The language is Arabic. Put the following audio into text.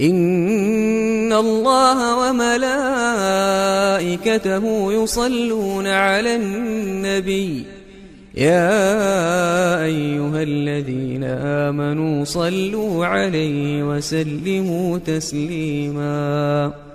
إن الله وملائكته يصلون على النبي يا أيها الذين آمنوا صلوا عليه وسلموا تسليماً